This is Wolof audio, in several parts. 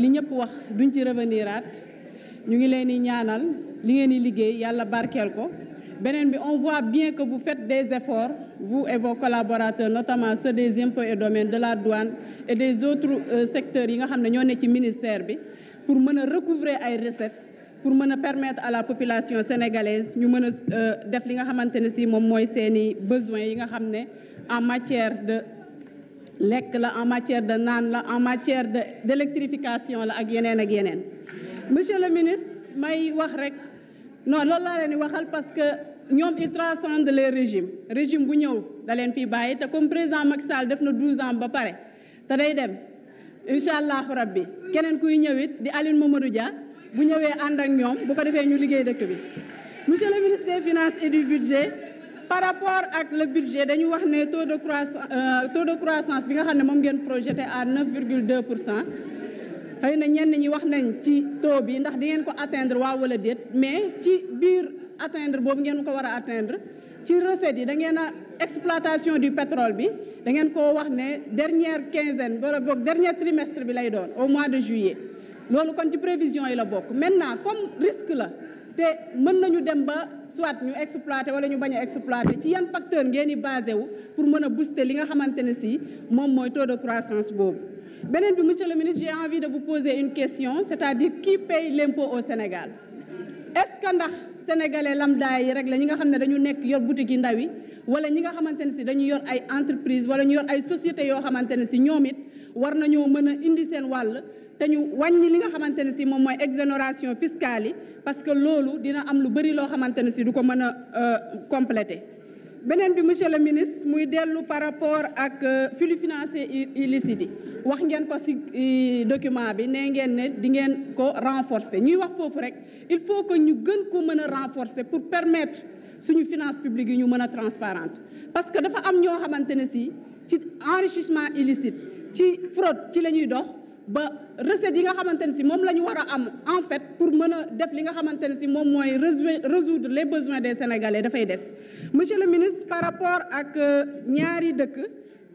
li ñëpp wax duñ ci reveniraat ñu ngi leen di ñaanal li ngeen liggéey yàlla barkeel ko beneen bi on voit bien que vous faites des efforts bu et vos collaborateurs notamment des impôts et domaines de la douane et des autres euh, secteurs yi nga xam ne ñoo ne ci ministère bi pour mën a recouvrer ay recettes pour mën a permettre à la population sénégalaise ñu mën a euh, def li nga xamante ne si moom mooy seeni besoins yi nga xam ne en matière de lekk la en matière de naan la en matière de d'électrification la ak yeneen ak yeneen. monsieur le ministre may wax rek non loolu laa leen di waxal parce que ñoom ils transcendent les régimes régime bu ñëw da leen fii bàyyi te comme président Macky Sall def na 12 ans ba pare te day dem incha allahu rabbi keneen kuy ñëwit di Aline Mamadou Dia. bu ñëwee ànd ak ñoom bu ko defee ñu liggéey dëkk bi monsieur le ministre finance finances et du budget par rapport ak le budget dañu wax ne taux de croissance euh, taux de croissance bi nga xam ne moom ngeen projeté à 9,2 pour cent xëy na ñenn ñi wax nañ ci taux bi ndax di ngeen ko atteindre waaw wala déet mais ci biir atteindre boobu ngeen ko war a atteindre ci recette yi da ngeen a exploitation du pétrole bi da ngeen ko wax ne dernière quinzaine wala boog dernier trimestre bi lay doon au mois de juillet loolu kon ci prévision yi la bokk maintenant comme risque la te mën nañu dem ba soit ñu exploité wala ñu bañ a exploiter ci yan facteur ngeen di basé wu pour mën a booster li nga xamante ne si moom mooy taux de croissance boobu. beneen bi monsieur le ministre j'ai envie de vous poser une question c'est-à-dire qui paye l'impôt au Sénégal est-ce ndax sénégalais lambda yi rek la ñi nga xam ne dañu nekk yor boutique yi ndaw yi wala ñi nga xamante ne si dañu yor ay entreprise wala ñu yor ay société yoo xamante ne si ñoom it war nañoo mën a indi seen wàll. te ñu wàññi li nga xamante ne si moom mooy exonération fiscale yi parce que loolu dina am lu bëri loo xamante ne si du ko mën a euh, compléter. beneen bi monsieur le ministre muy dellu par rapport ak euh, flux financier illicite yi wax ngeen ko ci document bi nee ngeen ne di ngeen ko renforcer ñuy wax foofu rek il faut que ñu gën ko mën a renforcer pour permettre suñu finance publique yi ñu mën a transparente parce que dafa am ñoo xamante ne ci ci enrichissement illicite ci fraude ci la ñuy dox ba recette yi nga xamante ne si moom la ñu war a am en fait pour mën a def li nga xamante ne si moom mooy de les besoins de sénégalais dafay des monsieur le ministre par rapport ak euh, ñaari dëkk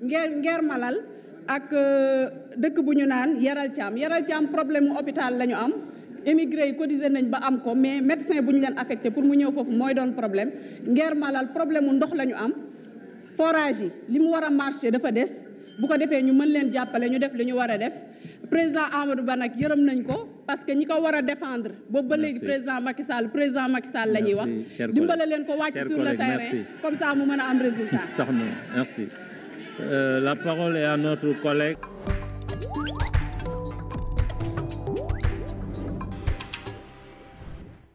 nger ngeer malal ak euh, dëkk bu ñu naan yaral caam yaral caam problème mu hôpital la ñu am émigré yi cotisé nañ ba am ko mais médecin bu ñu leen affecté pour mu ñëw foofu mooy doon problème ngeer malal problème mu ndox la ñu am forage yi li mu war a marché dafa des bu ko defee ñu mën leen jàppale ñu def li ñu war a def président Amadou Ba nag yërëm nañ ko parce que ñi ko war a défendre boobu ba léegi président Macky Sall président Macky Sall la ñuy wax dimbale leen ko wàcc sur le terrain comme ça mu mën a am résultat soxna merci euh, la parole est à